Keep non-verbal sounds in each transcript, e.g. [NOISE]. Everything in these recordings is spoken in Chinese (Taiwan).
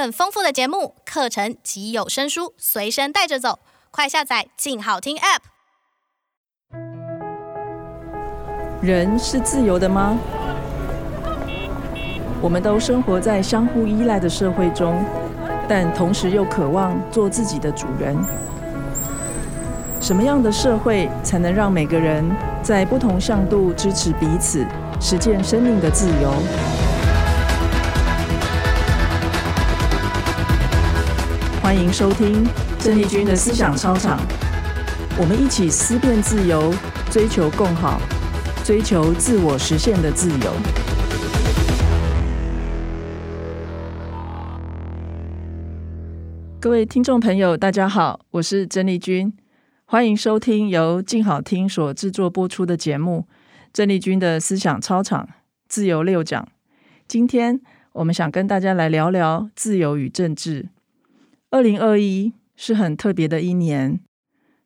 很豐富的節目、課程及有聲書隨身帶着走，快下載“靜好聽 ”App。人是自由的嗎？我們都生活在相互依賴的社會中，但同時又渴望做自己的主人。什麼樣的社會才能讓每個人在不同向度支持彼此，實踐生命的自由？歡迎收聽鄭麗君的思想操場，我們一起思辨自由，追求共好，追求自我實現的自由。各位聽眾朋友，大家好，我是鄭麗君，歡迎收聽由靜好聽所製作播出的節目《鄭麗君的思想操場自由六講》。今天我們想跟大家來聊聊自由與政治。二零二一是很特別的一年，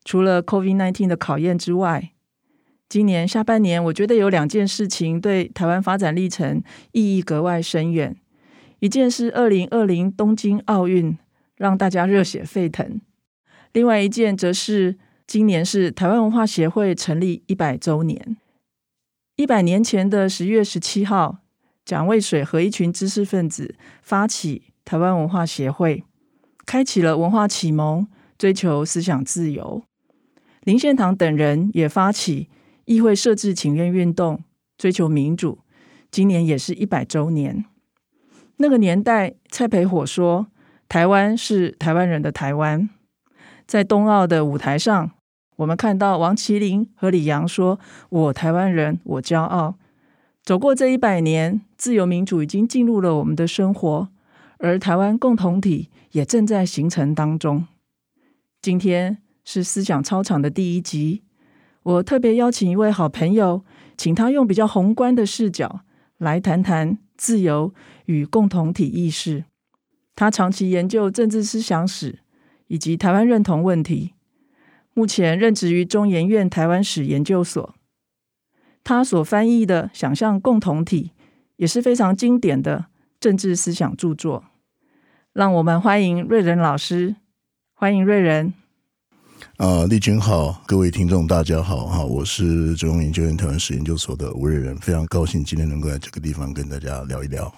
除了 COVID nineteen 的考驗之外，今年下半年我覺得有兩件事情對台灣發展歷程意義格外深遠。一件是二零二零東京奧運讓大家熱血沸騰，另外一件則是今年是台灣文化協會成立一百周年。一百年前的十月十七號，蔣渭水和一群知識分子發起台灣文化協會。開啟了文化啟蒙，追求思想自由。林獻堂等人也發起議會設置請願運動，追求民主。今年也是一百周年。那個年代，蔡培火說：“台灣是台灣人的台灣。”在東奧的舞台上，我們看到王齊麟和李洋說：“我台灣人，我驕傲。”走過這一百年，自由民主已經進入了我們的生活。而台灣共同體也正在形成當中。今天是思想操場的第一集，我特別邀請一位好朋友，請他用比較宏觀的視角來談談自由與共同體意識。他長期研究政治思想史以及台灣認同問題，目前任職於中研院台灣史研究所。他所翻譯的《想象共同體》也是非常經典的政治思想著作。讓我們歡迎叡人老師，歡迎叡人。啊、呃，麗君好，各位聽眾大家好，哈，我是中央研究院台灣史研究所的吳叡人，非常高興今天能夠在這個地方跟大家聊一聊。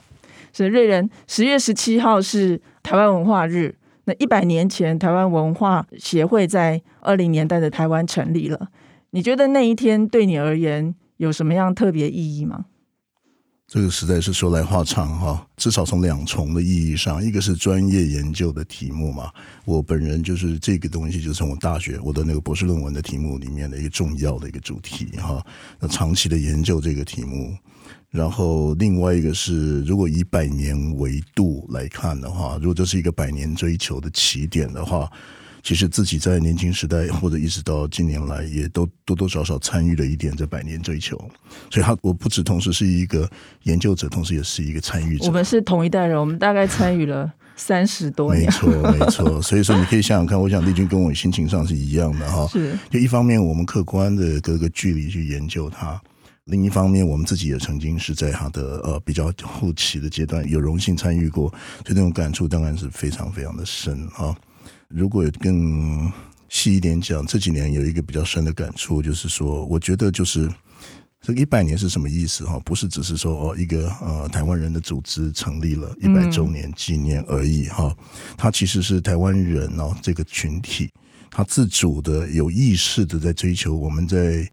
所以叡人，十月十七號是台灣文化日，那一百年前台灣文化協會在二零年代的台灣成立了，你覺得那一天對你而言有什麼樣特別意義嗎？這個實在是說來話長哈，至少從兩重的意義上，一個是專業研究的題目嘛，我本人就是這個東西，就是從我大學我的那個博士論文的題目裡面的一個重要的一個主題哈。那長期的研究這個題目，然後另外一個是，如果以百年維度來看的話，如果這是一個百年追求的起點的話。其實自己在年輕時代，或者一直到近年來，也都多多少少參與了一點這百年追求，所以，他我不止同時是一個研究者，同時也是一個參與者。我們是同一代人，我們大概參與了三十多年， [LAUGHS] 沒錯，沒錯。所以說，你可以想想看，我想麗君跟我心情上是一樣的哈。是， [LAUGHS] 就一方面我們客觀的隔個距離去研究它，另一方面我們自己也曾經是在他的呃比較後期的階段有榮幸參與過，就那種感觸當然是非常非常的深哈。哦如果有更細一點講，這幾年有一個比較深的感觸，就是說，我覺得就是這一百年是什麼意思哈？不是只是說哦，一個呃台灣人的組織成立了一百週年紀念而已哈。嗯。它其實是台灣人哦這個群體，他自主的有意識的在追求我們在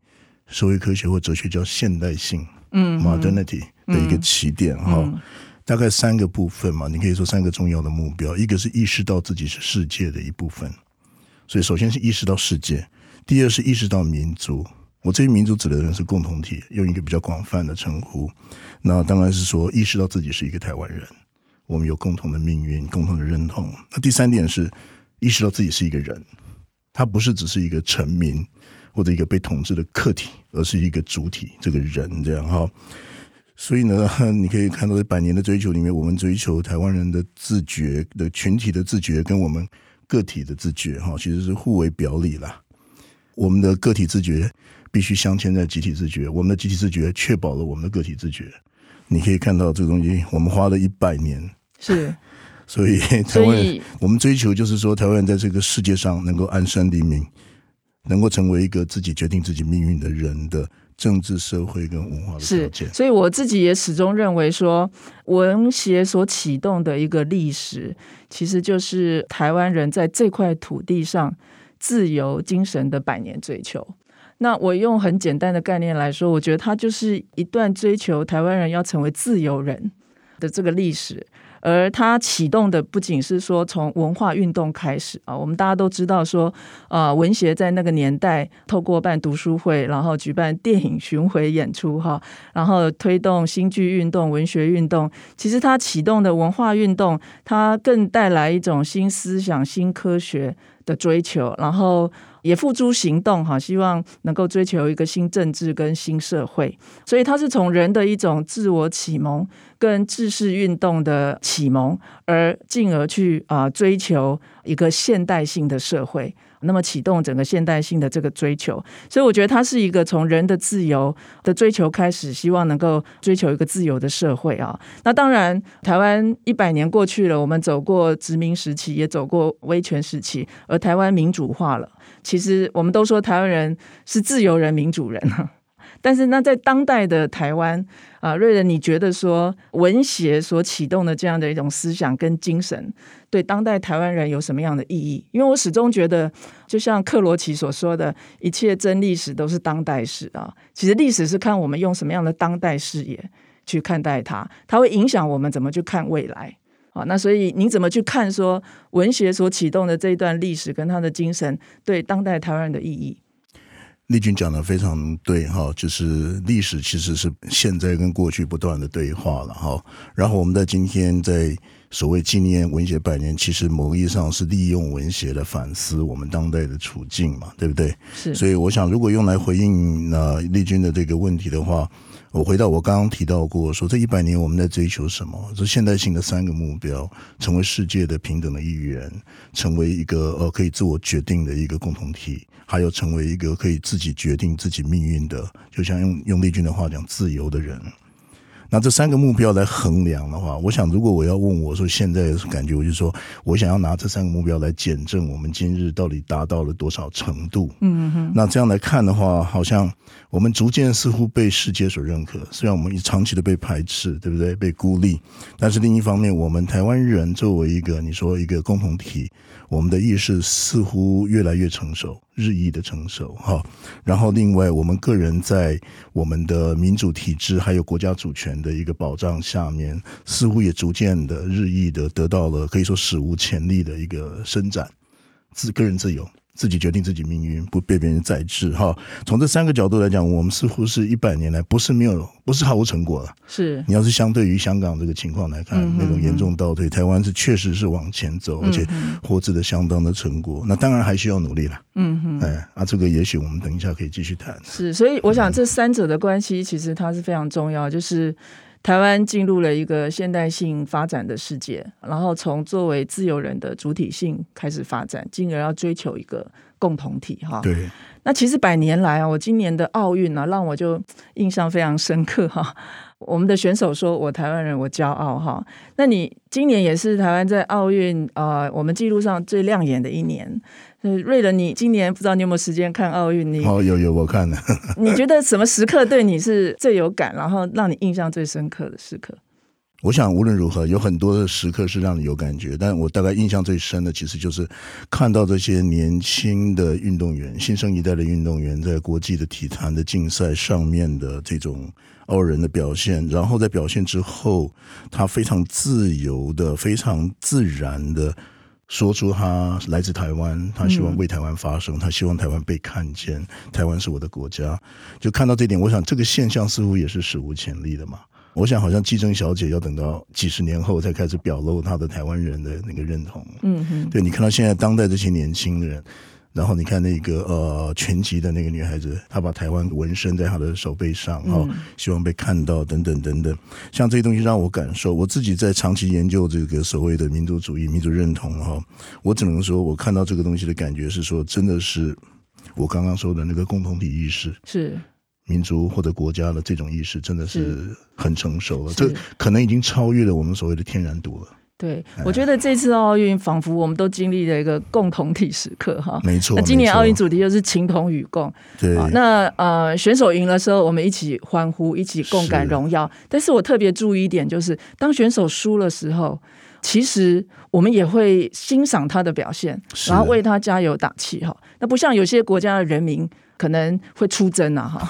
社會科學或哲學叫現代性，嗯，modernity 的一個起點哈。嗯嗯嗯大概三個部分嘛，你可以說三個重要的目標，一個是意識到自己是世界的一部分，所以首先是意識到世界；第二是意識到民族，我這些民族指的人是共同體，用一個比較廣泛的稱呼，那當然是說意識到自己是一個台灣人，我們有共同的命運、共同的認同。那第三點是意識到自己是一個人，他不是只是一個臣民或者一個被統治的客體，而是一個主體，這個人這樣哈。所以呢，你可以看到這百年的追求裡面，我們追求台灣人的自覺的群體的自覺，跟我們個體的自覺，哈，其實是互為表裡啦。我們的個體自覺必須鑲嵌在集體自覺，我們的集體自覺確保了我們的個體自覺。你可以看到這個東西，我們花了一百年，是， [LAUGHS] 所以，所以台灣人，我們追求就是說，台灣人在這個世界上能夠安身立命。能夠成為一個自己決定自己命運的人的政治、社會跟文化的條件。所以我自己也始終認為說，文協所啟動的一個歷史，其實就是台灣人在這塊土地上自由精神的百年追求。那我用很簡單的概念來說，我覺得它就是一段追求台灣人要成為自由人的這個歷史。而它啟動的不僅是說從文化運動開始啊，我們大家都知道說，呃，文協在那個年代透過辦讀書會，然後舉辦電影巡迴演出哈，然後推動新劇運動、文學運動。其實它啟動的文化運動，它更帶來一種新思想、新科學的追求，然後。也付諸行動哈，希望能夠追求一個新政治跟新社會，所以它是從人的一種自我啟蒙跟知識運動的啟蒙，而進而去啊追求一個現代性的社會，那麼啟動整個現代性的這個追求。所以我覺得它是一個從人的自由的追求開始，希望能夠追求一個自由的社會啊。那當然，台灣一百年過去了，我們走過殖民時期，也走過威權時期，而台灣民主化了。其實我們都說台灣人是自由人、民主人啊，但是那在當代的台灣啊，叡人，你覺得說文協所啟動的這樣的一種思想跟精神，對當代台灣人有什麼樣的意義？因為我始終覺得，就像克羅齊所說的，一切真歷史都是當代史啊。其實歷史是看我們用什麼樣的當代視野去看待它，它會影響我們怎麼去看未來。好，那所以您怎麼去看說文學所啟動的這一段歷史跟它的精神對當代台灣人的意義？麗君講的非常對哈，就是歷史其實是現在跟過去不斷的對話了哈。然後我們在今天在所謂紀念文學百年，其實某一意義上是利用文學的反思我們當代的處境嘛，對不對？是。所以我想，如果用來回應那麗君的這個問題的話，我回到我剛剛提到過說，說，這一百年我們在追求什麼？這現代性的三個目標：成為世界的平等的一員，成為一個呃可以自我決定的一個共同體，還有成為一個可以自己決定自己命運的，就像用用麗君的話講，自由的人。那這三個目標來衡量的話，我想，如果我要問我說現在的感覺是，我就說我想要拿這三個目標來檢證我們今日到底達到了多少程度。嗯哼，那這樣來看的話，好像我們逐漸似乎被世界所認可，雖然我們長期的被排斥，對不對？被孤立，但是另一方面，我們台灣人作為一個你說一個共同體，我們的意識似乎越來越成熟。日益的成熟，哈，然後另外，我們個人在我們的民主體制還有國家主權的一個保障下面，似乎也逐漸的、日益的得到了可以說史無前例的一個伸展，自個人自由。自己決定自己命運，不被別人宰制，哈！從這三個角度來講，我們似乎是一百年來不是沒有，不是毫無成果了。是你要是相對於香港這個情況來看，嗯、那種嚴重倒退，台灣是確實是往前走，而且獲得的相當的成果，嗯。那當然還需要努力了。嗯嗯，哎，啊，這個也許我們等一下可以繼續談。是，所以我想這三者的關係其實它是非常重要，就是。台灣進入了一個現代性發展的世界，然後從作為自由人的主體性開始發展，進而要追求一個共同體。哈，對。那其實百年來啊，我今年的奧運啊，讓我就印象非常深刻。哈，我們的選手說：“我台灣人，我驕傲。”哈，那你今年也是台灣在奧運啊，我們記錄上最亮眼的一年。叡人，你今年不知道你有沒有時間看奧運？你哦，oh, 有有，我看了。 [LAUGHS] 你覺得什麼時刻對你是最有感，然後讓你印象最深刻的時刻？我想無論如何，有很多的時刻是讓你有感覺，但我大概印象最深的其實就是看到這些年輕的運動員，新生一代的運動員在國際的體壇的競賽上面的這種傲人的表現，然後在表現之後，他非常自由的，非常自然的。說出他來自台灣，他希望為台灣發聲，嗯，他希望台灣被看見。台灣是我的國家，就看到這一點，我想這個現象似乎也是史無前例的嘛。我想好像紀政小姐要等到幾十年後才開始表露她的台灣人的那個認同。嗯哼，對，你看到現在當代這些年輕的人。然後你看那個呃，拳擊的那個女孩子，她把台灣紋身在她的手背上哦，希望被看到等等等等。像這些東西讓我感受，我自己在長期研究這個所謂的民族主義、民族認同哈、哦，我只能說我看到這個東西的感覺是說，真的是我剛剛說的那個共同體意識，是民族或者國家的這種意識，真的是很成熟了。這可能已經超越了我們所謂的天然獨了。對，我覺得這次奧運仿佛我們都經歷了一個共同體時刻哈，沒錯。那今年奧運主題就是“情同與共”。對，那呃，選手贏的時候，我們一起歡呼，一起共感榮耀。是但是我特別注意一點，就是當選手輸的時候，其實我們也會欣賞他的表現，然後為他加油打氣哈。那不像有些國家的人民。可能會出征了，啊、哈，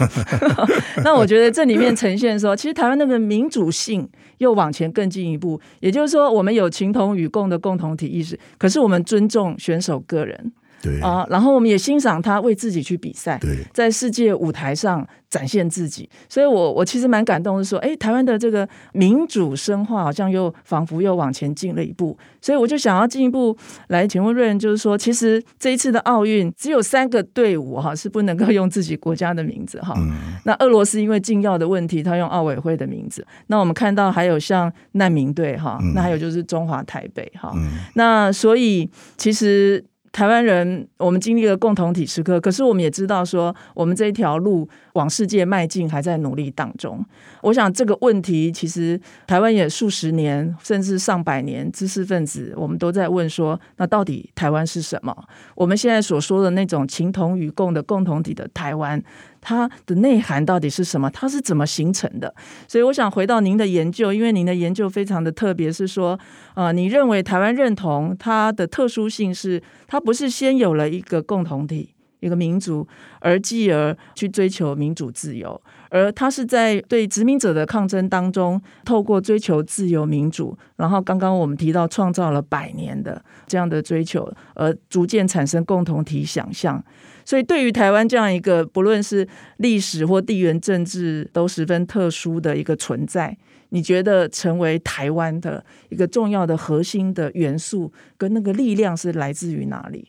[LAUGHS] 那我覺得這裡面呈現說，其實台灣那個民主性又往前更進一步，也就是說，我們有情同與共的共同體意識，可是我們尊重選手個人。對啊，然後我們也欣賞他為自己去比賽，對在世界舞台上展現自己，所以我，我我其實蠻感動的是說，哎，台灣的這個民主深化，好像又仿佛又往前進了一步。所以，我就想要進一步來請問叡人，就是說，其實這一次的奧運，只有三個隊伍哈是不能夠用自己國家的名字哈、嗯。那俄羅斯因為禁藥的問題，他用奧委會的名字。那我們看到還有像難民隊哈，那還有就是中華台北哈、嗯。那所以其實。台灣人，我們經歷了共同體時刻，可是我們也知道說，我們這一條路往世界邁進還在努力當中。我想這個問題，其實台灣也數十年甚至上百年，知識分子我們都在問說，那到底台灣是什麼？我們現在所說的那種情同與共的共同體的台灣。它的內涵到底是什麼？它是怎麼形成的？所以我想回到您的研究，因為您的研究非常的特別，是說，呃，你認為台灣認同它的特殊性是它不是先有了一個共同體。一個民族，而繼而去追求民主自由，而他是在對殖民者的抗爭當中，透過追求自由民主，然後剛剛我們提到創造了百年的這樣的追求，而逐漸產生共同體想象。所以，對於台灣這樣一個不論是歷史或地緣政治都十分特殊的一個存在，你覺得成為台灣的一個重要的核心的元素跟那個力量是來自於哪裡？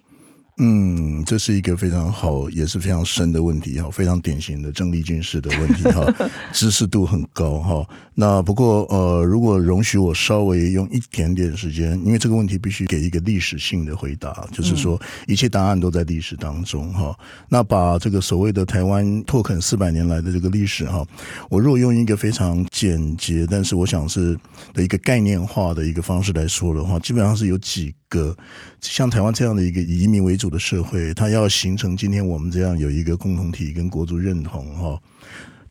嗯，這是一個非常好，也是非常深的問題，哈，非常典型的鄭麗君式的問題，哈， [LAUGHS] 知識度很高，哈。那不過，呃，如果容許我稍微用一點點時間，因為這個問題必須給一個歷史性的回答，就是說一切答案都在歷史當中，哈、嗯。那把這個所謂的台灣拓墾四百年來的這個歷史，哈，我如果用一個非常簡潔，但是我想是的一個概念化的一個方式來說的話，基本上是有幾個。個像台灣這樣的一個以移民為主的社會，它要形成今天我們這樣有一個共同體跟國族認同，哈。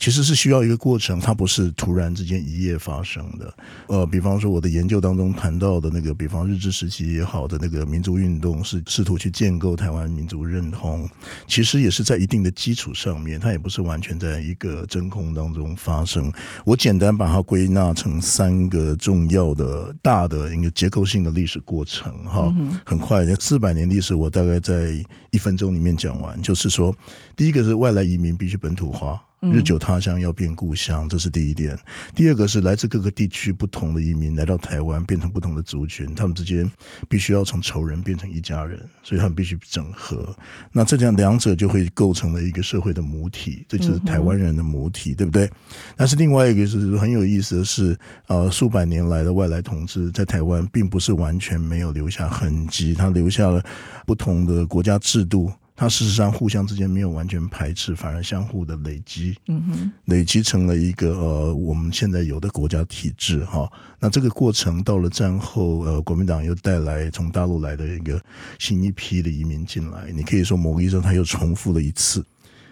其實是需要一個過程，它不是突然之間一夜發生的。呃，比方說我的研究當中談到的那個，比方日治時期也好的那個民族運動，是試圖去建構台灣民族認同，其實也是在一定的基礎上面，它也不是完全在一個真空當中發生。我簡單把它歸納成三個重要的大的一個結構性的歷史過程哈、嗯。很快，四百年歷史我大概在一分鐘裡面講完，就是說，第一個是外來移民必須本土化。日久他鄉要變故鄉，這是第一點。第二個是來自各個地區不同的移民來到台灣，變成不同的族群，他們之間必須要從仇人變成一家人，所以他們必須整合。那這樣兩者就會構成了一個社會的母體，這就是台灣人的母體、嗯，對不對？但是另外一個、就是很有意思的是，呃，數百年來的外來統治在台灣並不是完全沒有留下痕迹，它留下了不同的國家制度。它事實上互相之間沒有完全排斥，反而相互的累積，嗯哼，累積成了一個呃我們現在有的國家體制哈。那這個過程到了戰後，呃國民黨又帶來從大陸來的一個新一批的移民進來，你可以說某個意義上他又重複了一次。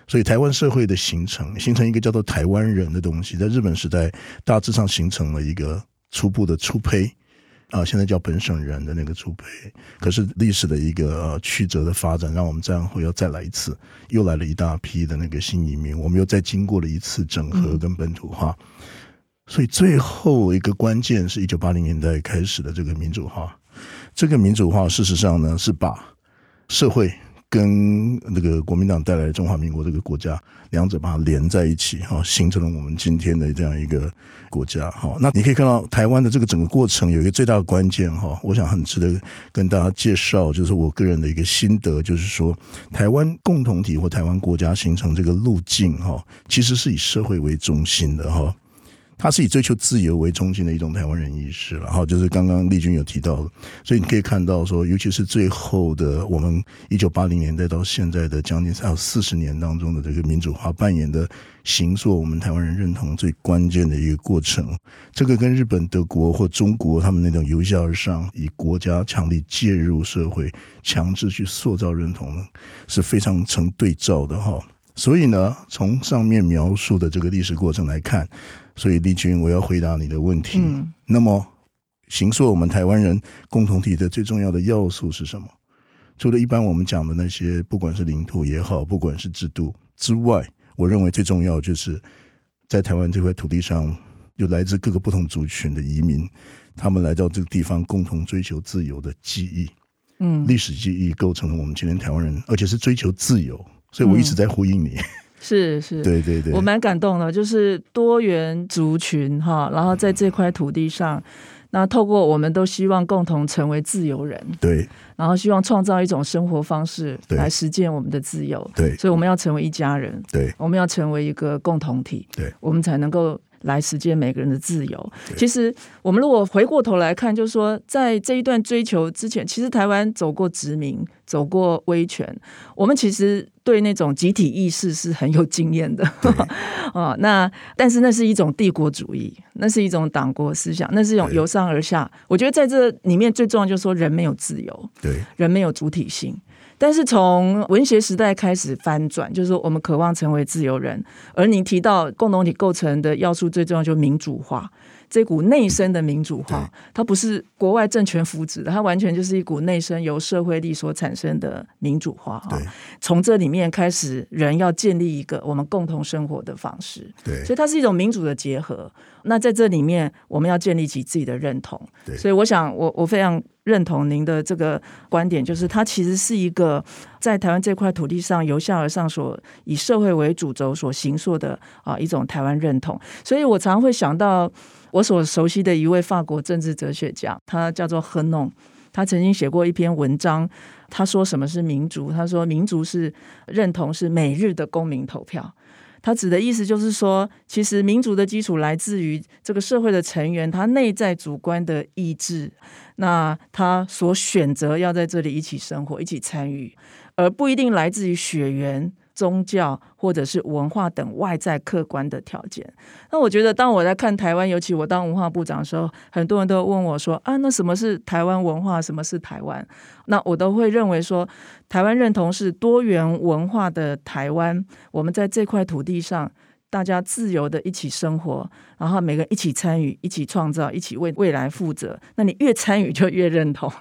所以台灣社會的形成，形成一個叫做台灣人的東西，在日本時代大致上形成了一個初步的初胚。啊、呃，現在叫本省人的那個祖輩，可是歷史的一個、呃、曲折的發展，讓我們戰後要再來一次，又來了一大批的那個新移民，我們又再經過了一次整合跟本土化，所以最後一個關鍵是一九八零年代開始的這個民主化，這個民主化事實上呢是把社會。跟那個國民黨帶來的中華民國這個國家，兩者把它連在一起哈，形成了我們今天的這樣一個國家哈。那你可以看到台灣的這個整個過程有一個最大的關鍵哈，我想很值得跟大家介紹，就是我個人的一個心得，就是說台灣共同體或台灣國家形成這個路徑哈，其實是以社會為中心的哈。它是以追求自由為中心的一種台灣人意識，然後就是剛剛麗君有提到的，所以你可以看到說，尤其是最後的我們一九八零年代到現在的將近三四十年當中的這個民主化扮演的形塑我們台灣人認同最關鍵的一個過程，這個跟日本、德國或中國他們那種由下而上以國家強力介入社會、強制去塑造認同呢，是非常成對照的哈。所以呢，從上面描述的這個歷史過程來看。所以，麗君，我要回答你的問題。嗯、那麼，形塑我們台灣人共同體的最重要的要素是什麼？除了一般我們講的那些，不管是領土也好，不管是制度之外，我認為最重要就是在台灣這塊土地上，有來自各個不同族群的移民，他們來到這個地方，共同追求自由的記憶，嗯，歷史記憶構成了我們今天台灣人，而且是追求自由。所以我一直在呼應你。嗯 [LAUGHS] 是是，對對對，我蠻感動的，就是多元族群哈，然後在這塊土地上，那透過我們都希望共同成為自由人，對，然後希望創造一種生活方式來實踐我們的自由，對，所以我們要成為一家人，對，我們要成為一個共同體，對，我們才能夠。來實現每個人的自由。其實，我們如果回過頭來看，就是說，在這一段追求之前，其實台灣走過殖民，走過威權，我們其實對那種集體意識是很有經驗的。哦，那但是那是一種帝國主義，那是一種黨國思想，那是一種由上而下。我覺得在這裡面最重要就是說，人沒有自由，對，人沒有主體性。但是從文學時代開始翻轉，就是說我們渴望成為自由人。而你提到共同體構成的要素，最重要就是民主化，這股內生的民主化，它不是國外政權扶植的，它完全就是一股內生由社會力所產生的民主化。對。從這裡面開始，人要建立一個我們共同生活的方式。對。所以它是一種民主的結合。那在這裡面，我們要建立起自己的認同。對。所以我想我，我我非常。認同您的這個觀點，就是它其實是一個在台灣這塊土地上由下而上，所以社會為主軸所形塑的啊一種台灣認同。所以我常常會想到我所熟悉的一位法國政治哲學家，他叫做亨農，他曾經寫過一篇文章，他說什麼是民族？他說民族是認同，是每日的公民投票。他指的意思就是說，其實民族的基礎來自於這個社會的成員，他內在主觀的意志，那他所選擇要在這裡一起生活、一起參與，而不一定來自於血緣。宗教或者是文化等外在客觀的條件。那我覺得，當我在看台灣，尤其我當文化部長的時候，很多人都問我說：“啊，那什麼是台灣文化？什麼是台灣？”那我都會認為說，台灣認同是多元文化的台灣。我們在這塊土地上，大家自由地一起生活，然後每個人一起參與、一起創造、一起為未來負責。那你越參與，就越認同。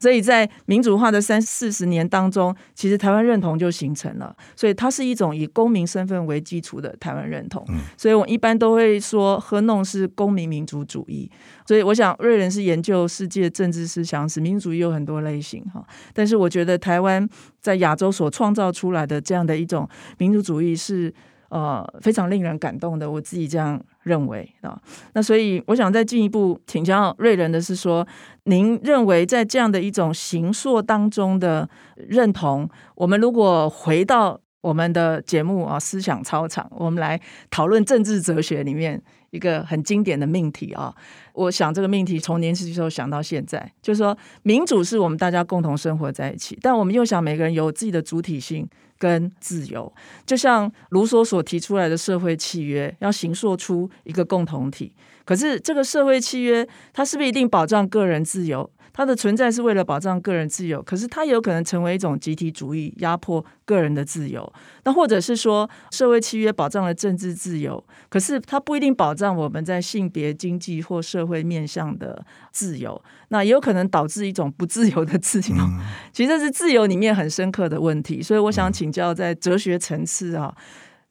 所以在民主化的三四十年當中，其實台灣認同就形成了，所以它是一種以公民身份為基礎的台灣認同。所以，我一般都會說，何弄是公民民族主義。所以，我想叡人是研究世界政治思想，是民族主義也有很多類型哈。但是，我覺得台灣在亞洲所創造出來的這樣的一種民族主義是呃非常令人感動的。我自己這樣。認為啊，那所以我想再進一步請教叡人的是說，您認為在這樣的一種形塑當中的認同，我們如果回到我們的節目啊，思想操場，我們來討論政治哲學裡面一個很經典的命題啊，我想這個命題從年輕時候想到現在，就是說民主是我們大家共同生活在一起，但我們又想每個人有自己的主體性。跟自由，就像盧梭所提出來的社會契約，要形塑出一個共同體。可是，這個社會契約，它是不是一定保障個人自由？它的存在是為了保障個人自由，可是它有可能成為一種集體主義，壓迫個人的自由。那或者是說，社會契約保障了政治自由，可是它不一定保障我們在性別、經濟或社會面向的自由。那也有可能導致一種不自由的自由。嗯、其實這是自由裡面很深刻的問題。所以我想請教，在哲學層次啊，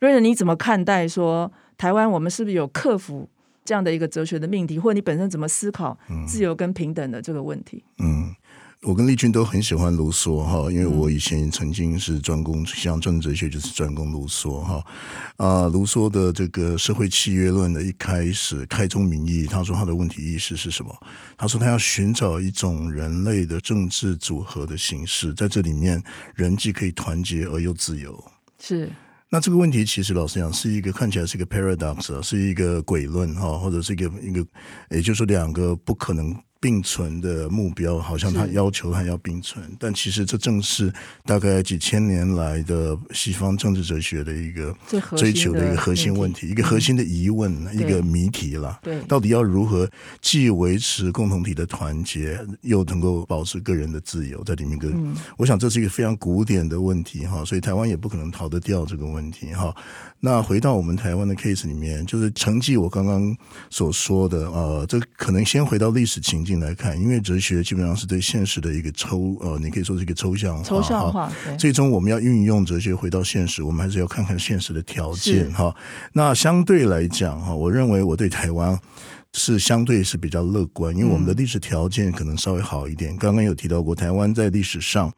嗯、叡人，你怎麼看待說台灣我們是不是有克服？這樣的一個哲學的命題，或者你本身怎麼思考自由跟平等的這個問題？嗯，我跟麗君都很喜歡盧梭哈，因為我以前曾經是專攻，像政治哲學就是專攻盧梭哈啊、呃。盧梭的這個《社會契約論》的一開始開宗明義，他說他的問題意識是什麼？他說他要尋找一種人類的政治組合的形式，在這裡面人既可以團結而又自由。是。那這個問題其實老實講，是一個看起來是一個 paradox 啊，是一個詭論哈，或者是一個一個，也就是說兩個不可能，並存的目標，好像他要求還要並存，但其實這正是大概幾千年來的西方政治哲學的一個追求的一個核心問題，問題一個核心的疑問，一個謎題啦。對，到底要如何既維持共同體的團結，又能夠保持個人的自由在，在裡面跟……我想這是一個非常古典的問題哈，所以台灣也不可能逃得掉這個問題哈。那回到我們台灣的 case 裡面，就是成績，我剛剛所說的啊、呃，這可能先回到歷史情境。來看，因為哲學基本上是對現實的一個抽，呃，你可以說是一個抽象化，抽象化。最終我們要運用哲學回到現實，我們還是要看看現實的條件哈。那相對來講哈，我認為我對台灣是相對是比較樂觀，因為我們的歷史條件可能稍微好一點。嗯。剛剛有提到過，台灣在歷史上。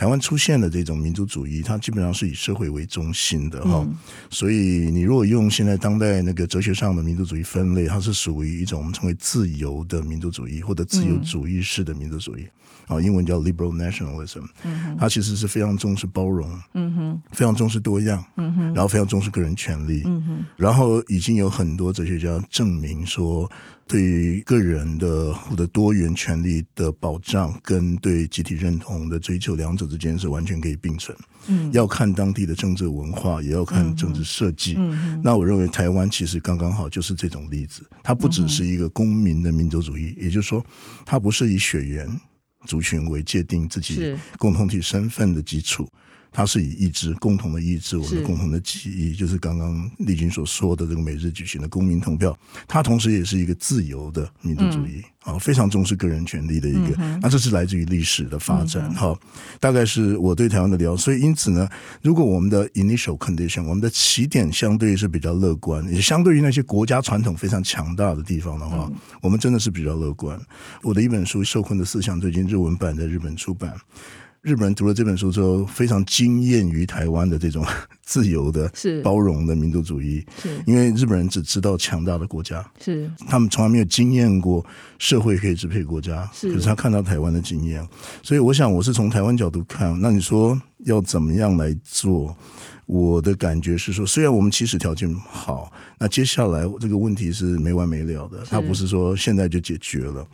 台灣出現的這種民族主義，它基本上是以社會為中心的哈，嗯，所以你如果用現在當代那個哲學上的民族主義分類，它是屬於一種我們稱為自由的民族主義或者自由主義式的民族主義，啊，嗯，英文叫 liberal nationalism，嗯，它其實是非常重視包容，嗯哼，非常重視多樣，嗯哼，然後非常重視個人權利，嗯哼，然後已經有很多哲學家證明說。對於個人的或者多元權利的保障，跟對集體認同的追求，兩者之間是完全可以並存。嗯。要看當地的政治文化，也要看政治設計。嗯。那我認為台灣其實剛剛好就是這種例子，它不只是一個公民的民族主義，嗯。也就是說，它不是以血緣族群為界定自己共同體身份的基礎。它是以意志，共同的意志，我們的共同的記憶，就是剛剛麗君所說的這個每日舉行的公民投票，它同時也是一個自由的民族主義啊、嗯，非常重視個人權利的一個。那、嗯啊、這是來自於歷史的發展哈、嗯，大概是我對台灣的了解。所以因此呢，如果我們的 initial condition，我們的起點相對是比較樂觀，也相對於那些國家傳統非常強大的地方的話，嗯、我們真的是比較樂觀。我的一本書《受困的思想》，最近日文版在日本出版。日本人讀了這本書之後，非常驚艷於台灣的這種自由的、包容的民族主義。是，因為日本人只知道強大的國家，是，他們從來沒有經驗過社會可以支配國家。是，可是他看到台灣的經驗，所以我想我是從台灣角度看，那你說要怎麼樣來做？我的感覺是說，雖然我們起始條件好，那接下來這個問題是沒完沒了的，他不是說現在就解決了。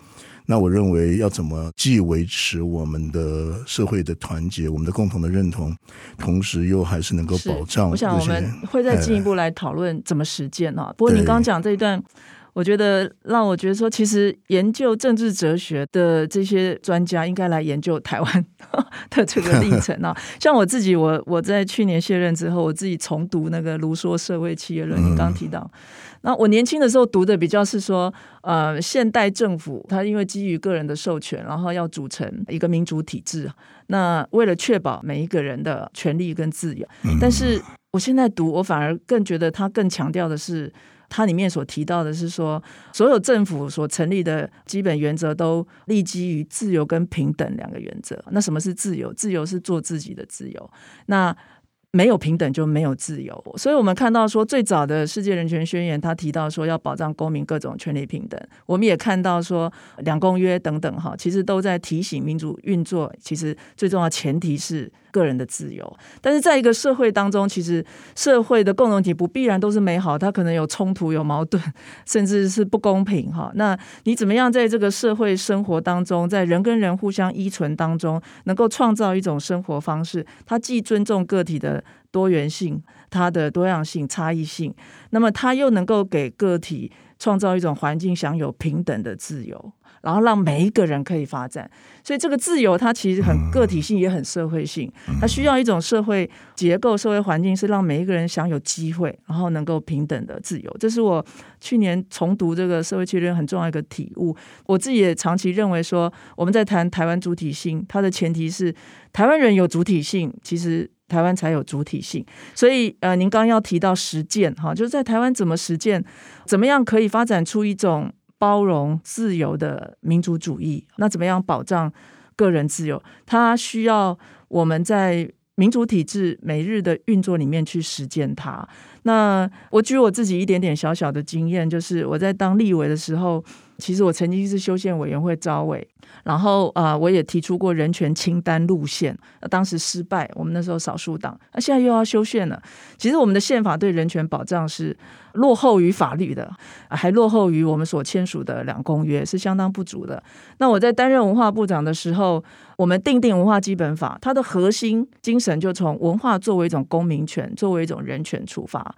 那我認為要怎麼既維持我們的社會的團結，我們的共同的認同，同時又還是能夠保障？我想我們會再進一步來討論怎麼實踐啊。哎、不過你剛,剛講這一段，我覺得讓我覺得說，其實研究政治哲學的這些專家應該來研究台灣的這個歷程啊。 [LAUGHS] 像我自己，我我在去年卸任之後，我自己重讀那個盧梭《社會契約論》嗯，你剛,剛提到。那我年輕的時候讀的比較是說，呃，現代政府它因為基於個人的授權，然後要組成一個民主體制，那為了確保每一個人的權利跟自由。但是我現在讀，我反而更覺得它更強調的是，它裡面所提到的是說，所有政府所成立的基本原則都立基於自由跟平等兩個原則。那什麼是自由？自由是做自己的自由。那沒有平等就沒有自由，所以我們看到說，最早的世界人權宣言，它提到說要保障公民各種權利平等。我們也看到說，兩公約等等哈，其實都在提醒民主運作，其實最重要前提是個人的自由，但是在一個社會當中，其實社會的共同體不必然都是美好，它可能有衝突、有矛盾，甚至是不公平。哈，那你怎麼樣在這個社會生活當中，在人跟人互相依存當中，能夠創造一種生活方式？它既尊重個體的多元性、它的多樣性、差異性，那麼它又能夠給個體創造一種環境，享有平等的自由。然後讓每一個人可以發展，所以這個自由它其實很個體性，也很社會性。它需要一種社會結構、社會環境，是讓每一個人享有機會，然後能夠平等的自由。這是我去年重讀這個社會契約很重要一個體悟。我自己也長期認為說，我們在談台灣主體性，它的前提是台灣人有主體性，其實台灣才有主體性。所以呃，您剛剛要提到實踐哈，就是在台灣怎麼實踐，怎麼樣可以發展出一種。包容自由的民族主義，那怎麼樣保障個人自由？它需要我們在民主體制每日的運作裡面去實踐它。那我舉我自己一點點小小的經驗，就是我在當立委的時候，其實我曾經是修憲委員會召委，然後啊、呃，我也提出過人權清單路線，當時失敗。我們那時候少數黨，那、啊、現在又要修憲了。其實我們的憲法對人權保障是落後於法律的、啊，還落後於我們所簽署的兩公約，是相當不足的。那我在擔任文化部長的時候，我們訂定文化基本法，它的核心精神就從文化作為一種公民權，作為一種人權出發。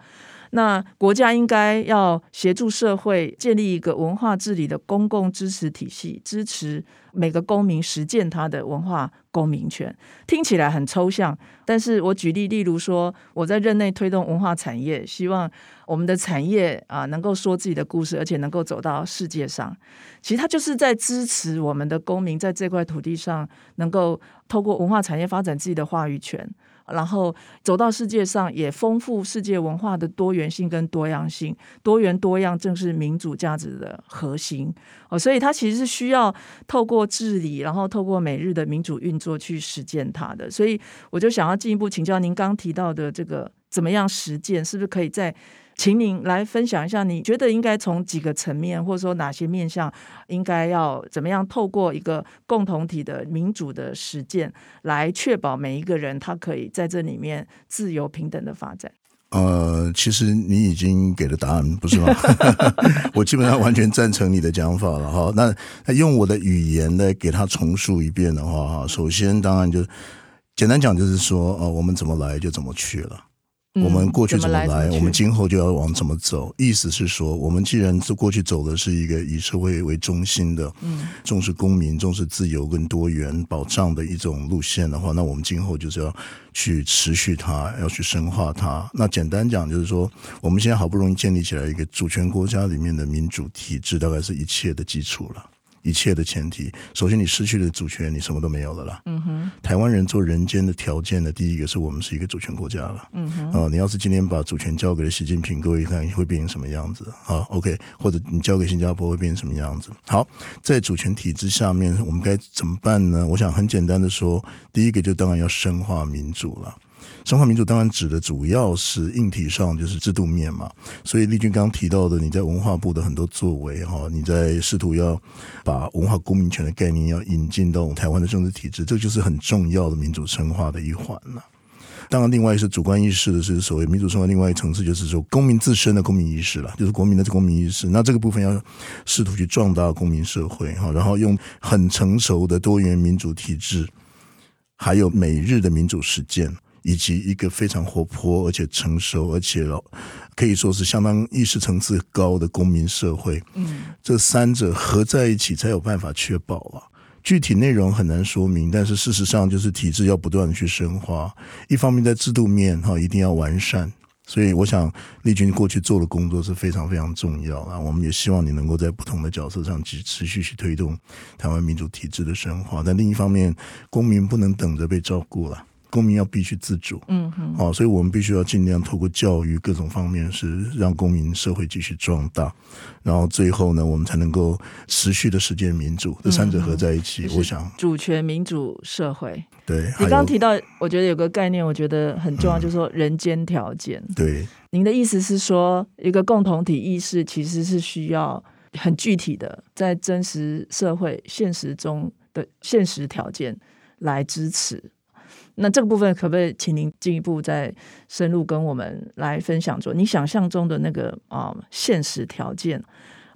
那國家應該要協助社會建立一個文化治理的公共支持體系，支持每個公民實踐他的文化公民權。聽起來很抽象，但是我舉例，例如說，我在任內推動文化產業，希望我們的產業啊能夠說自己的故事，而且能夠走到世界上。其實它就是在支持我們的公民在這塊土地上能夠透過文化產業發展自己的話語權。然後走到世界上，也豐富世界文化的多元性跟多樣性。多元多樣正是民主價值的核心哦，所以它其實是需要透過治理，然後透過每日的民主運作去實踐它的。所以我就想要進一步請教您，剛提到的這個怎麼樣實踐，是不是可以在？請您來分享一下，你覺得應該從幾個層面，或者說哪些面向，應該要怎麼樣透過一個共同體的民主的實踐，來確保每一個人他可以在這裡面自由平等的發展。呃，其實你已經給了答案，不是嗎？ [LAUGHS] [LAUGHS] [LAUGHS] 我基本上完全贊成你的講法了哈。那用我的語言來給他重述一遍的話哈，首先當然就簡單講就是說，呃，我們怎麼來就怎麼去了。我們過去怎麼來，嗯、怎麼來怎麼去？我們今後就要往怎麼走？意思是說，我們既然是過去走的是一個以社會為中心的，嗯、重視公民、重視自由跟多元保障的一種路線的話，那我們今後就是要去持續它，要去深化它。那簡單講，就是說，我們現在好不容易建立起來一個主權國家裡面的民主體制，大概是一切的基礎了。一切的前提，首先你失去了主權，你什麼都沒有了啦。嗯哼，台灣人做人間的條件呢，第一個是我們是一個主權國家了。嗯哼，啊、呃，你要是今天把主權交給了習近平，各位看，看會變成什麼樣子啊？OK，或者你交給新加坡會變成什麼樣子？好，在主權體制下面，我們該怎麼辦呢？我想很簡單的說，第一個就當然要深化民主了。中華民主當然指的主要是硬體上，就是制度面嘛。所以麗君剛剛提到的，你在文化部的很多作為哈，你在試圖要把文化公民權的概念要引進到我們台灣的政治體制，這就是很重要的民主深化的一環了。當然，另外是主觀意識的是所謂民主深化，另外一層次就是說公民自身的公民意識了，就是國民的公民意識。那這個部分要試圖去壯大公民社會哈，然後用很成熟的多元民主體制，還有美日的民主實踐，以及一個非常活潑，而且成熟，而且可以說是相當意識層次高的公民社會，這三者合在一起才有辦法確保了、啊。具體內容很難說明，但是事實上就是體制要不斷的去深化。一方面在制度面哈，一定要完善，所以我想麗君過去做的工作是非常非常重要啊。我們也希望你能夠在不同的角色上去持續去推動台灣民主體制的深化。但另一方面，公民不能等着被照顧了。公民要必須自主，嗯哼，好、啊，所以我們必須要盡量透過教育各種方面，是讓公民社會繼續壯大，然後最後呢，我們才能夠持續的實踐民主，這三者合在一起，嗯、哼我想、就是、主權、民主、社會，對。你剛提到，我覺得有個概念，我覺得很重要，嗯、就是說人間條件。對，您的意思是說，一個共同體意識其實是需要很具體的，在真實社會現實中的現實條件來支持。那這個部分可不可以請您進一步再深入跟我們來分享，做你想象中的那個啊、呃、現實條件？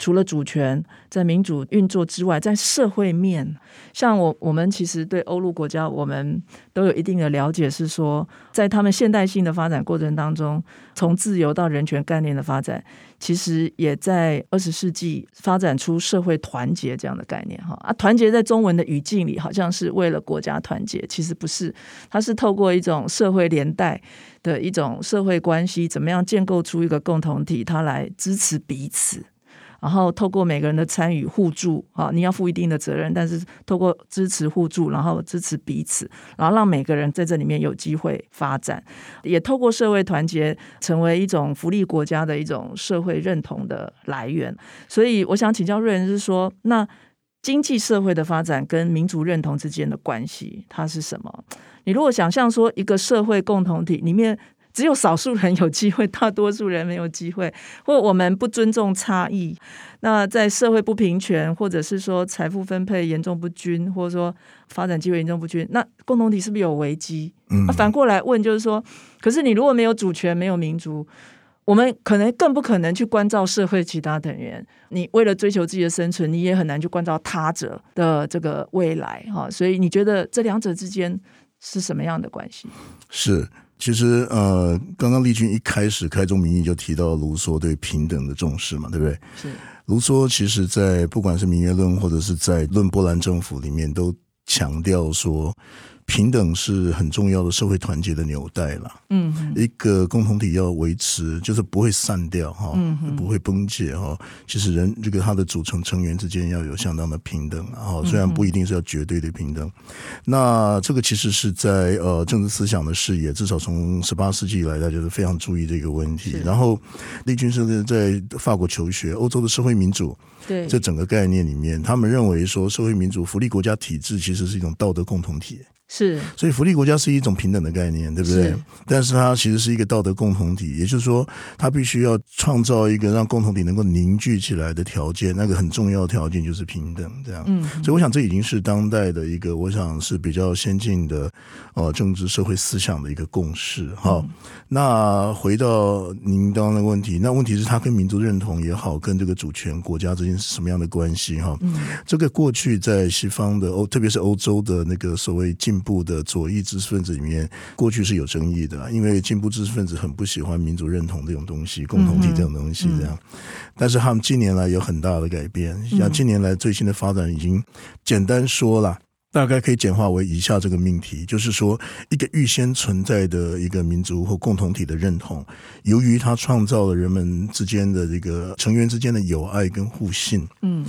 除了主權在民主運作之外，在社會面，像我我們其實對歐陸國家，我們都有一定的了解，是說在他們現代性的發展過程當中，從自由到人權概念的發展，其實也在二十世紀發展出社會團結這樣的概念。哈啊，團結在中文的語境裡好像是為了國家團結，其實不是，它是透過一種社會連帶的一種社會關係，怎麼樣建構出一個共同體，它來支持彼此。然後透過每個人的參與互助啊，你要負一定的責任，但是透過支持互助，然後支持彼此，然後讓每個人在這裡面有機會發展，也透過社會團結成為一種福利國家的一種社會認同的來源。所以我想請教叡人是說，那經濟社會的發展跟民族認同之間的關係它是什麼？你如果想象說一個社會共同體裡面。只有少數人有機會，大多數人沒有機會，或者我們不尊重差異。那在社會不平權，或者是說財富分配嚴重不均，或者說發展機會嚴重不均，那共同體是不是有危機？那、嗯啊、反過來問，就是說，可是你如果沒有主權，沒有民族，我們可能更不可能去關照社會其他成員。你為了追求自己的生存，你也很難去關照他者的這個未來。哈、哦，所以你覺得這兩者之間是什麼樣的關係？是。其實，呃，剛剛麗君一開始開宗明義就提到盧梭對平等的重視嘛，對不對？是，盧梭其實，在不管是《民約論》或者是在《論波蘭政府》裡面，都強調說。平等是很重要的社會團結的紐帶了。嗯，一個共同體要維持，就是不會散掉哈，不會崩解哈、嗯。其實人這個它的組成成員之間要有相當的平等，然後雖然不一定是要絕對的平等。嗯，那這個其實是在呃政治思想的視野，至少從十八世紀以來，大家就是非常注意這個問題。然後，麗君是在在法國求學，歐洲的社會民主對這整個概念裡面，他們認為說社會民主、福利國家體制其實是一種道德共同體。是，所以福利國家是一種平等的概念，對不對？是但是它其實是一個道德共同體，也就是說，它必須要創造一個讓共同體能夠凝聚起來的條件。那個很重要條件就是平等，這樣。嗯，嗯，所以我想這已經是當代的一個，我想是比較先進的哦、啊、政治社會思想的一個共識。哈、嗯，那回到您剛剛的問題，那問題是它跟民族認同也好，跟這個主權國家之間是什麼樣的關係？哈、嗯，這個過去在西方的歐，特別是歐洲的那個所謂進。部的左翼知識分子裡面，過去是有爭議的，因為進步知識分子很不喜歡民族認同這種東西、共同體這種東西這樣。嗯嗯、但是他們近年來有很大的改變，像近年來最新的發展，已經簡單說了、嗯，大概可以簡化為以下這個命題：就是說，一個預先存在的一個民族或共同體的認同，由於它創造了人們之間的這個成員之間的友愛跟互信，嗯，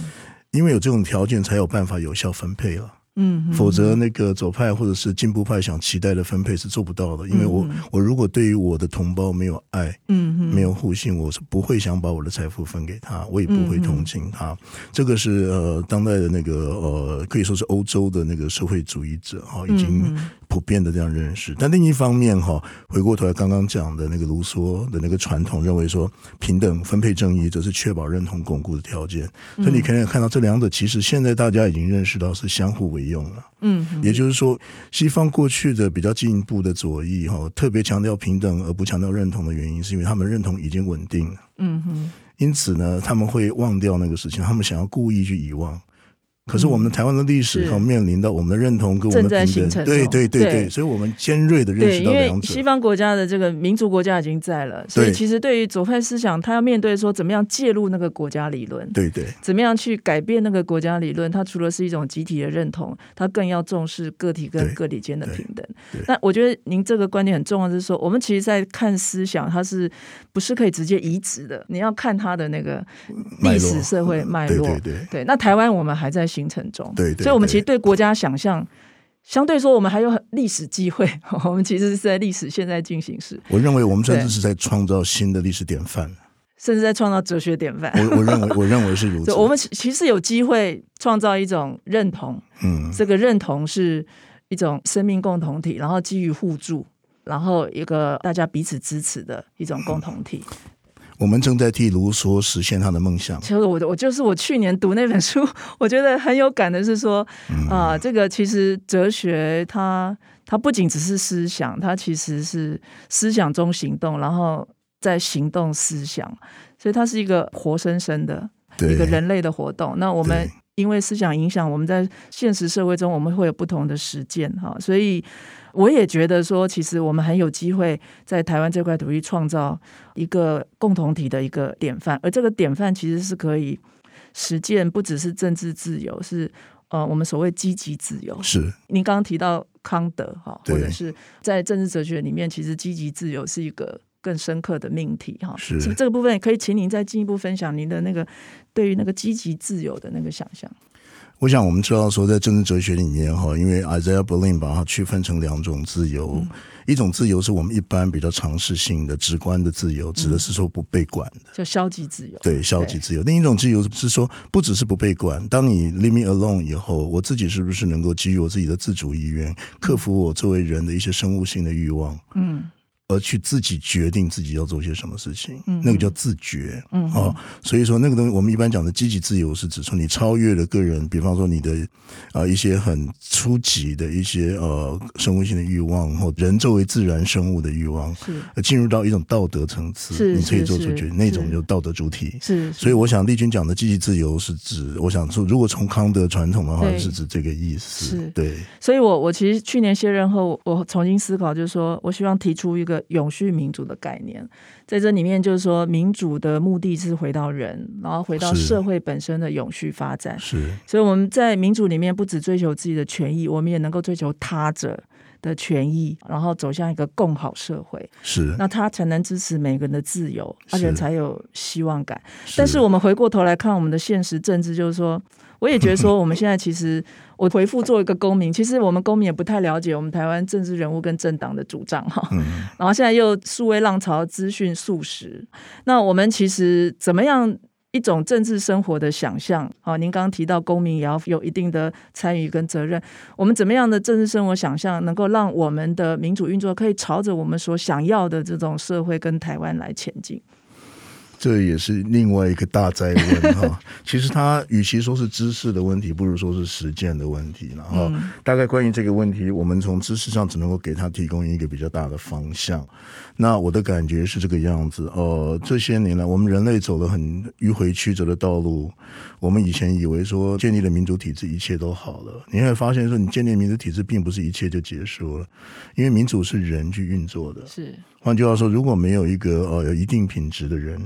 因為有這種條件，才有辦法有效分配了。嗯，否則那個左派或者是進步派想期待的分配是做不到的，因為我、嗯、我如果對於我的同胞沒有愛，嗯，沒有互信，我是不會想把我的財富分給他，我也不會同情他。嗯、這個是呃，當代的那個呃，可以說是歐洲的那個社會主義者已經。嗯普遍的這樣認識，但另一方面哈，回過頭來剛剛講的那個盧梭的那個傳統，認為說平等分配正義則是確保認同鞏固的條件。嗯，所以你可能也看到，這兩者其實現在大家已經認識到是相互為用了。嗯，也就是說，西方過去的比較進一步的左翼哈，特別強調平等而不強調認同的原因，是因為他們認同已經穩定了。嗯哼，因此呢，他們會忘掉那個事情，他們想要故意去遺忘。可是我們台灣的歷史上面臨到，我們的認同跟我們正在形成，對對對對，對，所以我們尖銳的認識到兩者，對，因為西方國家的這個民族國家已經在了，所以其實對於左派思想，他要面對說怎麼樣介入那個國家理論，對，對對，怎麼樣去改變那個國家理論？他除了是一種集體的認同，他更要重視個體跟個體間的平等。那我覺得您這個觀點很重要，就是說我們其實，在看思想，它是不是可以直接移植的？你要看它的那個歷史社會脈絡，絡，嗯、對對，對，對。那台灣我們還在。形成中，對，對，對，對，所以，我們其實對國家想象，相對說，我們還有很歷史機會。我們其實是在歷史現在進行時。我認為我們甚至是在創造新的歷史典範，甚至在創造哲學典範。我我認為，我認為是如此。 [LAUGHS] 我們其實有機會創造一種認同，嗯，這個認同是一種生命共同體，然後基於互助，然後一個大家彼此支持的一種共同體。嗯我們正在替盧梭實現他的夢想。其實我，我我就是我去年讀那本書，我覺得很有感的是說，啊、嗯呃，這個其實哲學它它不僅只是思想，它其實是思想中行動，然後在行動思想，所以它是一個活生生的，對，一個人類的活動。那我們。因為思想影響，我們在現實社會中，我們會有不同的實踐哈。所以，我也覺得說，其實我們很有機會在台灣這塊土地創造一個共同體的一個典範，而這個典範其實是可以實踐，不只是政治自由，是呃，我們所謂積極自由。是你剛剛提到康德哈，或者是在政治哲學裡面，其實積極自由是一個。更深刻的命題，哈，是這個部分，可以請您再進一步分享您的那個對於那個積極自由的那個想象。我想我們知道說，在政治哲學裡面，哈，因為 Isaiah Berlin 把它區分成兩種自由。嗯，一種自由是我們一般比較常識性的、直觀的自由，指的是說不被管的，叫、嗯、消極自由對。對，消極自由。另一種自由是說，不只是不被管，當你 leave me alone 以後，我自己是不是能夠基於我自己的自主意願，克服我作為人的一些生物性的欲望？嗯。而去自己決定自己要做些什麼事情，嗯，那個叫自覺，嗯，啊，嗯、所以說那個東西，我們一般講的積極自由，是指說你超越了個人，比方說你的啊、呃、一些很初級的一些呃生物性的慾望，或人作為自然生物的慾望，是進入到一種道德層次，是你可以做出去，那種就道德主體是，是。所以我想，麗君講的積極自由是指，我想說，如果從康德傳統的話，是，是指這個意思，對。所以我我其實去年卸任後，我重新思考，就是說我希望提出一個。永續民主的概念，在這裡面就是說，民主的目的是回到人，然後回到社會本身的永續發展。是，是，所以我們在民主裡面，不只追求自己的權益，我們也能夠追求他者的權益，然後走向一個共好社會，是，那他才能支持每個人的自由，而且才有希望感。但是我們回過頭來看我們的現實政治，就是說，我也覺得說，我們現在其實 [LAUGHS] 我回復做一個公民，其實我們公民也不太了解我們台灣政治人物跟政黨的主張哈、嗯。然後現在又數位浪潮資訊速食，那我們其實怎麼樣？一種政治生活的想象，好，您剛剛提到公民也要有一定的參與跟責任，我們怎麼樣的政治生活想象能夠讓我們的民主運作可以朝着我們所想要的這種社會跟台灣來前進？這也是另外一個大哉問哈，其實他與其說是知識的問題，不如說是實踐的問題。然後大概關於這個問題，我們從知識上只能夠給他提供一個比較大的方向。那我的感覺是這個樣子，呃，這些年來我們人類走了很迂迴曲折的道路。我們以前以為說建立了民主體制一切都好了，你會發現說你建立民主體制並不是一切就結束了，因為民主是人去運作的。是。換句話說，如果沒有一個呃有一定品質的人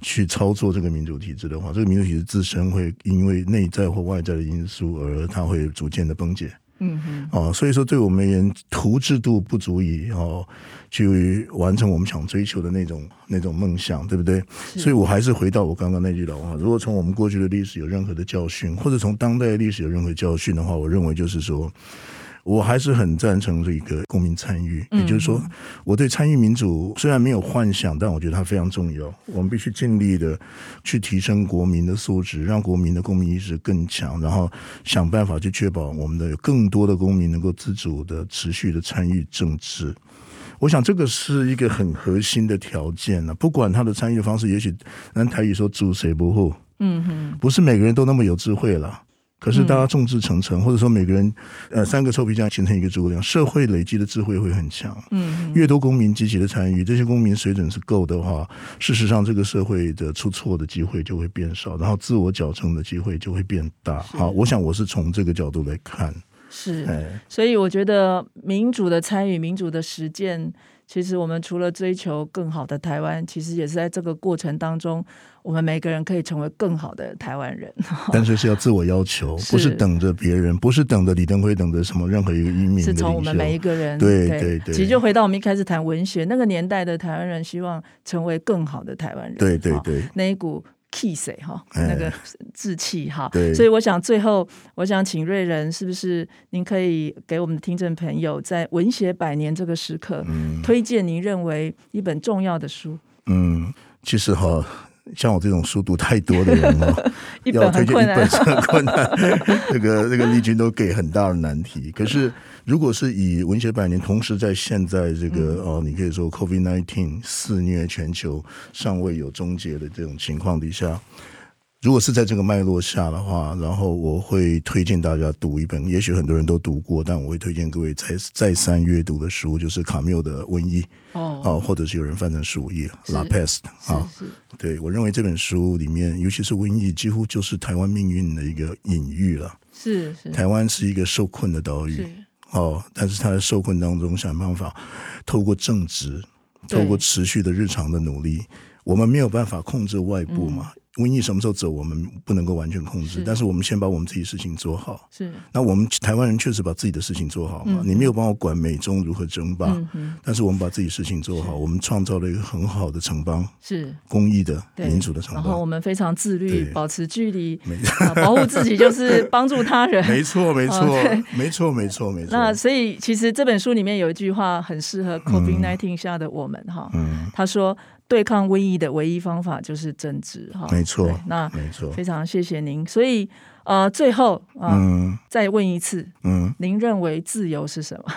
去操作這個民主體制的話，這個民主體制自身會因為內在或外在的因素而它會逐漸的崩解。嗯嗯，啊、呃，所以說對我們而言，徒制度不足以哦、呃、去完成我們想追求的那種那種夢想，對不對？所以，我還是回到我剛剛那句老話，如果從我們過去的歷史有任何的教訓，或者從當代的歷史有任何教訓的話，我認為就是說。我還是很贊成這個公民參與，也就是說，我對參與民主雖然沒有幻想，但我覺得它非常重要。我們必須盡力的去提升國民的素質，讓國民的公民意識更強，然後想辦法去確保我們的更多的公民能夠自主的、持續的參與政治。我想這個是一個很核心的條件了啊，不管他的參與的方式，也許咱台語說“煮誰不糊”，嗯哼，不是每個人都那麼有智慧了。可是，大家眾志成城，或者說每個人，呃，三個臭皮匠形成一個諸葛亮，社會累積的智慧會很強。嗯，越多公民積極的參與，這些公民水準是夠的話，事實上這個社會的出錯的機會就會變少，然後自我矯正的機會就會變大。好，我想我是從這個角度來看。是，哎，所以我覺得民主的參與，民主的實踐。其實我們除了追求更好的台灣，其實也是在這個過程當中，我們每個人可以成為更好的台灣人。但是是要自我要求，不是等着別人，不是等着李登輝，等着什麼任何一個移民。是從我們每一個人。對對對，對。其實就回到我們一開始談文學，那個年代的台灣人希望成為更好的台灣人。對對對。那一股。氣誰哈？那個志氣哈、哎。所以我想最後，我想請瑞仁，是不是您可以給我們聽眾朋友在文學百年這個時刻，推薦您認為一本重要的書？嗯，嗯其實哈，像我這種書讀太多的人、哦， [LAUGHS] 要推薦一本很困難。 [LAUGHS] 困難 [LAUGHS] [LAUGHS] [LAUGHS] 那個那個麗君都給很大的難題，可是。如果是以文學百年同時在現在這個、嗯、哦，你可以說 COVID-19 肆虐全球，尚未有終結的這種情況底下，如果是在這個脈絡下的話，然後我會推薦大家讀一本，也許很多人都讀過，但我會推薦各位再再三閱讀的書，就是卡繆的《瘟疫》哦、啊，或者是有人翻成《鼠疫》La Peste 啊。是是。對，我認為這本書裡面，尤其是瘟疫，幾乎就是台灣命運的一個隱喻了。是是。台灣是一個受困的島嶼。是是哦，但是他在受困當中想辦法，透過正直，透過持續的日常的努力，我們沒有辦法控制外部嘛。嗯瘟疫什麼時候走，我們不能夠完全控制，但是我們先把我們自己事情做好。是，那我們台灣人確實把自己的事情做好嘛、嗯？你沒有幫我管美中如何爭霸，嗯、但是我們把自己事情做好，我們創造了一個很好的城邦，是公益的民主的城邦。然後我們非常自律，保持距離，沒 [LAUGHS] 保護自己就是幫助他人。沒錯，沒錯、哦，沒錯，沒錯，沒錯，沒錯。那所以其實這本書裡面有一句話很適合 COVID-19 下的我們、嗯、哈，他、嗯、說。對抗瘟疫的唯一方法就是正直，哈，沒錯，那沒錯，非常謝謝您。所以，呃，最後、呃，嗯，再問一次，嗯，您認為自由是什麼？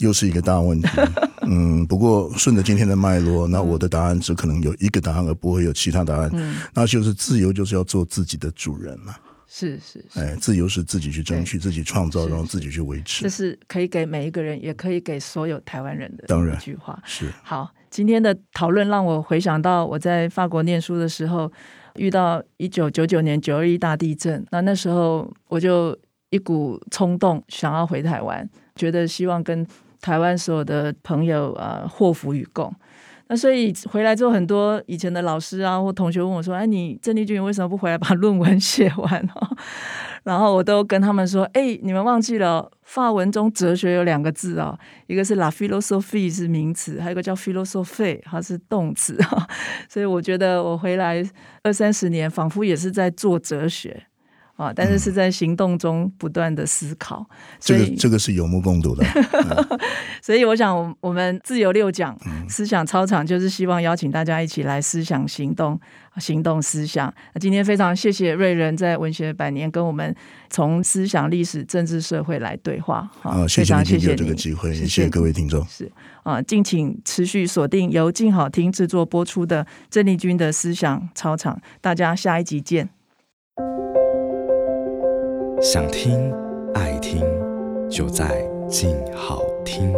又是一個大問題。 [LAUGHS] 嗯，不過順着今天的脈絡， [LAUGHS] 那我的答案只可能有一個答案，而不會有其他答案。嗯、那就是自由，就是要做自己的主人嘛。是，是是，哎，自由是自己去爭取、自己創造，然後自己去維持。這是可以給每一個人，也可以給所有台灣人的。當然，一句話是好。今天的討論讓我回想到我在法國念書的時候，遇到一九九九年九二一大地震。那那時候我就一股衝動，想要回台灣，覺得希望跟台灣所有的朋友啊禍福與共。那所以回來之後，很多以前的老師啊或同學問我說：“哎，你鄭麗君為什麼不回來把論文寫完？” [LAUGHS] 然後我都跟他們說：“哎，你們忘記了法文中哲學有兩個字啊、哦，一個是 la philosophie 是名詞，還有一個叫 philosophie，它是動詞哈。 [LAUGHS] 所以我覺得我回來二三十年，仿佛也是在做哲學。”啊！但是是在行動中不斷的思考，嗯、這個這個是有目共睹的。嗯、 [LAUGHS] 所以我想，我們自由六講、嗯、思想操場，就是希望邀請大家一起來思想行動，行動思想。今天非常謝謝叡人，在文學百年跟我們從思想、歷史、政治、社會來對話。好、哦，非常謝謝你這個機會，謝謝，也謝、謝各位聽眾。謝謝是啊，敬請持續鎖定由靜好聽製作播出的鄭麗君的思想操場，大家下一集見。想聽，愛聽，就在鏡好聽。